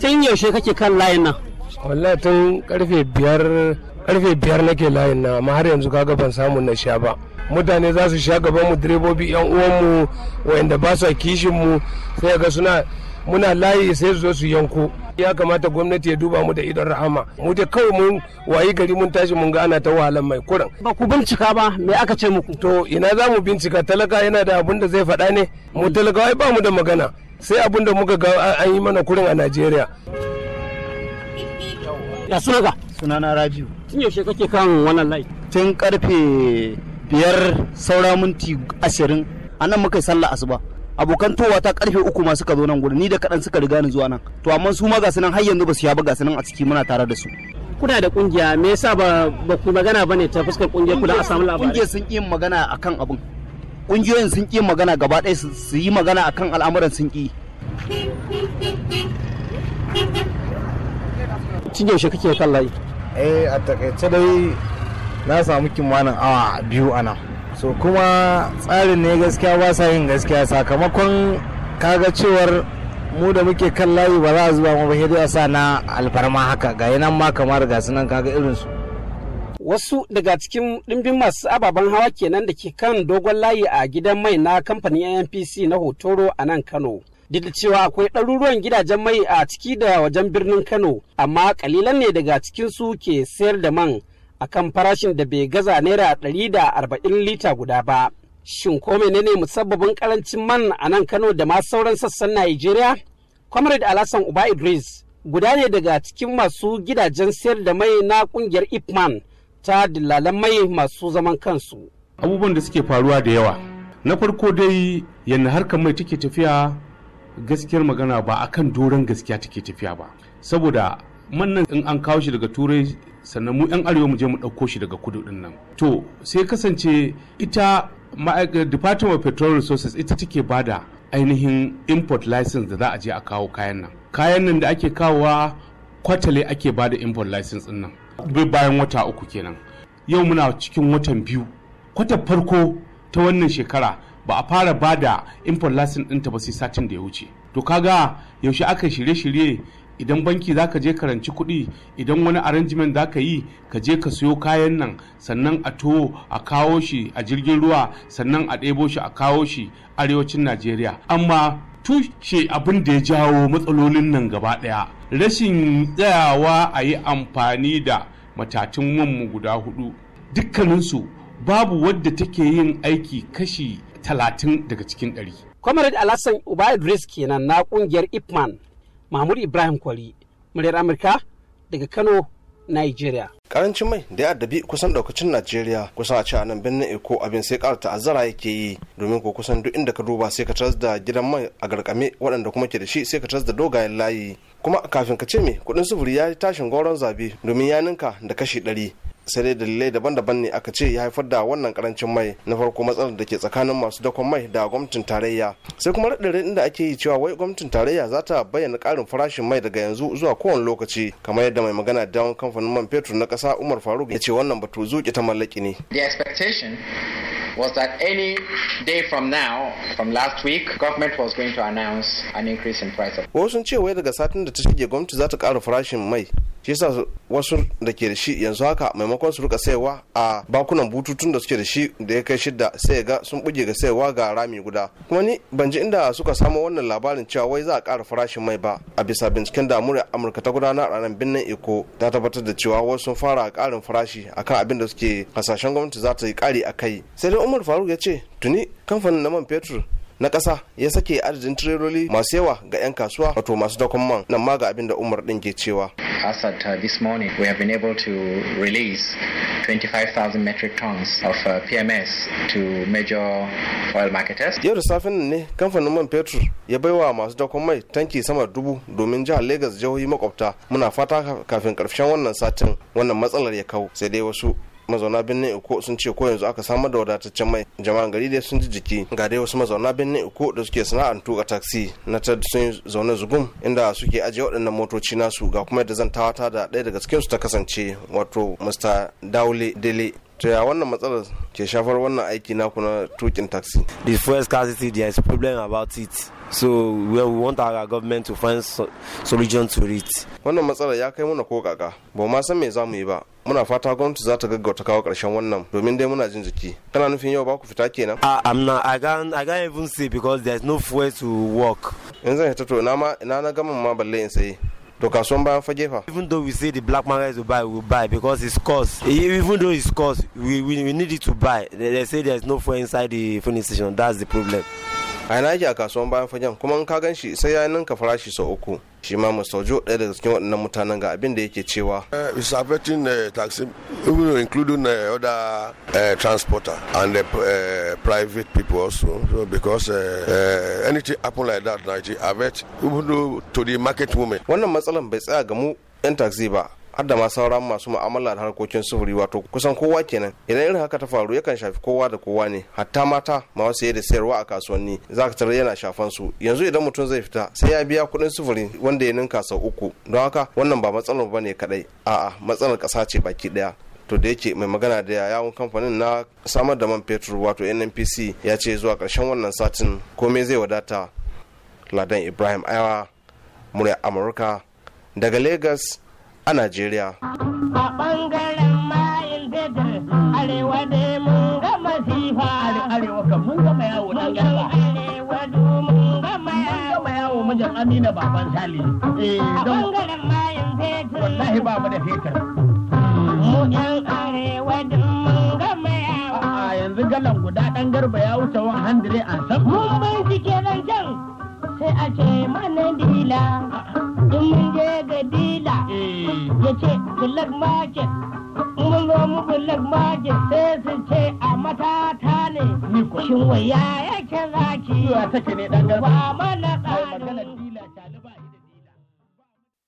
Tun yaushe kake kan layin nan? Wallahi tun karfe biyar karfe biyar nake layin nan amma har yanzu kaga ban samu na sha ba. Mutane za su sha gaban mu direbobi yan uwanmu wayanda ba sa kishin mu sai ga suna muna layi sai su zo su yanko ya kamata gwamnati ya duba mu da idon rahama mu da kawai mun wayi gari mun tashi mun ga ana ta wahalan mai kuran ba ku bincika ba me aka ce muku to ina za mu bincika talaka yana da abin da zai faɗa ne mu talaka ba mu da magana sai abin da muka ga an yi mana kurin a Najeriya ya sunaka sunana Rabiu tun yaushe kake kan wannan layi tun karfe biyar saura minti ashirin a nan muka yi sallah asuba abokan towa ta karfe uku ma suka zo nan gudu ni da kaɗan suka riga ni zuwa nan to amma su ma gasu nan har yanzu ba su ya ba gasu nan a ciki muna tare da su kuna da kungiya me yasa ba ba ku magana bane ta fuskar kungiya kula a samu labari kungiya sun yi magana akan abun kungiyoyin sun yi magana gaba ɗaya su yi magana akan al'amuran sun yi cin yaushe kake kan layi eh a takaice dai na samu kimanin awa biyu a nan so kuma tsarin ne gaskiya ba sa yin gaskiya sakamakon kaga cewar mu da muke kan layi ba za a zuba mu ba a sa na alfarma haka ga nan ma kamar ga nan kaga irin su wasu daga cikin dimbin masu ababen hawa kenan da ke kan dogon layi a gidan mai na kamfanin NPC na Hotoro a nan Kano duk da cewa akwai ɗaruruwan gidajen mai a ciki da wajen birnin kano amma kalilan ne daga cikin su ke sayar da man a kan farashin da bai gaza naira ɗari da arba'in lita guda ba. Shin ko menene musabbabin karancin man a nan Kano da ma sauran sassan Najeriya? Comrade Alassan Uba Idris guda ne daga cikin masu gidajen sayar da mai na kungiyar Ipman ta dillalan mai masu zaman kansu. Abubuwan da suke faruwa da yawa. Na farko dai yana harkar mai take tafiya gaskiyar magana ba akan doron gaskiya take tafiya ba. Saboda mannan in an kawo shi daga turai sannan mu 'yan arewa mu je mu ɗauko shi daga kudu ɗin nan to sai kasance ita department of petrol resources ita take bada ainihin import license da za a je a kawo kayan nan kayan nan da ake kawowa kwatale ake bada import license ɗin nan bayan wata uku kenan yau muna cikin watan biyu kwata farko ta wannan shekara ba a fara bada import license ɗinta ba sai satin da ya wuce to kaga yaushe aka shirye-shirye idan banki za ka je karanci kuɗi idan wani arrangement za ka yi ka je ka siyo kayan nan sannan a to a kawo shi a jirgin ruwa sannan a ɗebo shi a kawo shi arewacin najeriya amma tushe abin da ya jawo matsalolin nan gaba ɗaya rashin tsayawa a yi amfani da matatun mu guda hudu dukkaninsu babu wadda take yin aiki kashi talatin daga cikin ɗari. Comrade Alassan Uba Idris kenan na kungiyar Ipman mahmud ibrahim kwari muryar amurka daga kano nigeria karancin mai da ya addabi kusan daukacin najeriya kusan a ce a nan birnin eko abin sai karta azara yake yi domin ko kusan duk inda ka duba sai ka tas da gidan mai a garkame waɗanda kuma ke da shi sai ka tas da dogayen layi kuma kafin ka ce me kuɗin sufuri ya yi tashin goron zabe domin ya ninka da kashi ɗari sai dai dalilai daban-daban ne aka ce ya haifar da wannan karancin mai na farko matsalar da ke tsakanin masu dakon mai da gwamnatin tarayya sai kuma raɗin inda ake yi cewa wai gwamnatin tarayya za ta bayyana ƙarin farashin mai daga yanzu zuwa kowane lokaci kamar yadda mai magana da kamfanin man fetur na ƙasa umar faruk ya ce wannan batu zuƙi ta mallaki ne the expectation was that any day from now, from last week, government was going to announce an Wasu sun ce wai daga satin da ta shige gwamnati za ta kara farashin mai shi yasa wasu da ke da shi yanzu haka maimakon su rika sayawa a bakunan bututun da suke da shi da ya kai shidda sai ga sun buge ga sayarwa ga rami guda kuma ni ban ji inda suka samu wannan labarin cewa wai za a ƙara farashin mai ba a bisa binciken da amurka amurka ta gudanar ranar birnin eko ta tabbatar da cewa wasu sun fara ƙarin farashi akan abin da suke hasashen gwamnati za ta yi ƙari a kai sai dai umar faruk ya ce tuni kamfanin na man fetur na ƙasa ya sake adadin tireloli masu yawa ga 'yan kasuwa wato masu dokunman nan ma ga abin da umar ɗin ke cewa as at uh, this morning we have been able to release 25,000 metric tons of uh, PMS to major oil marketers. Yau da safin ne kamfanin man fetur ya baiwa masu dakon mai tanki sama dubu domin jihar Legas jihohi makwabta muna fata kafin karshen wannan satin wannan matsalar ya kawo sai dai wasu mazauna birnin iko sun ce ko yanzu aka samar da wadataccen mai jama'an gari dai sun ji jiki ga dai wasu mazauna birnin iko da suke sana'antu tuka taxi na ta sun zaune zugum inda suke ajiye waɗannan motoci nasu ga kuma yadda zan tawata da ɗaya daga cikinsu ta kasance wato mr daule dele to ya wannan matsalar ke shafar wannan aiki na kuna tukin taxi the fuel scarcity there is problem about it so we want our government to find solution to it wannan matsalar ya kai muna ko kaka ba ma san me za mu yi ba muna fata gwamnati za ta gaggauta kawo karshen wannan domin dai muna jin jiki kana nufin yau ba ku fita kenan a ah, am i can i can even see because there is no way to work in zan to na ma ina na gama ma balle in sayi to kasomba fajefa. even though we say the black market to buy we buy because it's cost even though it's cost we, we, we need it to buy they, say there is no fuel inside the filling station that's the problem. a yana yake a kasuwan bayan fagen kuma in ka gan shi sai ya ninka farashi sau uku shi ma musaujo ɗaya daga cikin waɗannan mutanen ga abin da yake cewa is eh, affecting the eh, taxi even including the eh, other transporter and the private people also so because anything happen like that na it affect even to the market women wannan matsalan bai tsaya ga mu 'yan taxi ba har da ma sauran masu ma'amala da harkokin sufuri wato kusan kowa kenan idan irin haka ta faru yakan shafi kowa da kowa ne hatta mata ma wasu da sayarwa a kasuwanni za ka tarar yana shafan su yanzu idan mutum zai fita sai ya biya kuɗin sufuri wanda ya ninka sau uku don haka wannan ba matsalar ba ne kaɗai a'a matsalar ƙasa ce baki ɗaya to da yake mai magana da yawon kamfanin na samar da man fetur wato nnpc ya ce zuwa ƙarshen wannan satin komai zai wadata ladan ibrahim ayawa murya amurka daga lagos a Najeriya. A ɓangaren mayin fetur arewa ne mun ga masifa arewa kan mun gama yawo mun garba. Arewa du mun gama yawo. Mun gama yawo mijin Amina baban Sali. Eh, a ɓangaren mayin fetur. Wallahi ba mu da fetur. Mu ƴan arewa mun gama yawo. A yanzu galan guda ɗan garba ya wuce 100 a san. Mun bincike nan can sai a ce mana dila. ce bulak market mun zo mu bulak market sai su ce a matata ne shin waya yake zaki ba mana tsarin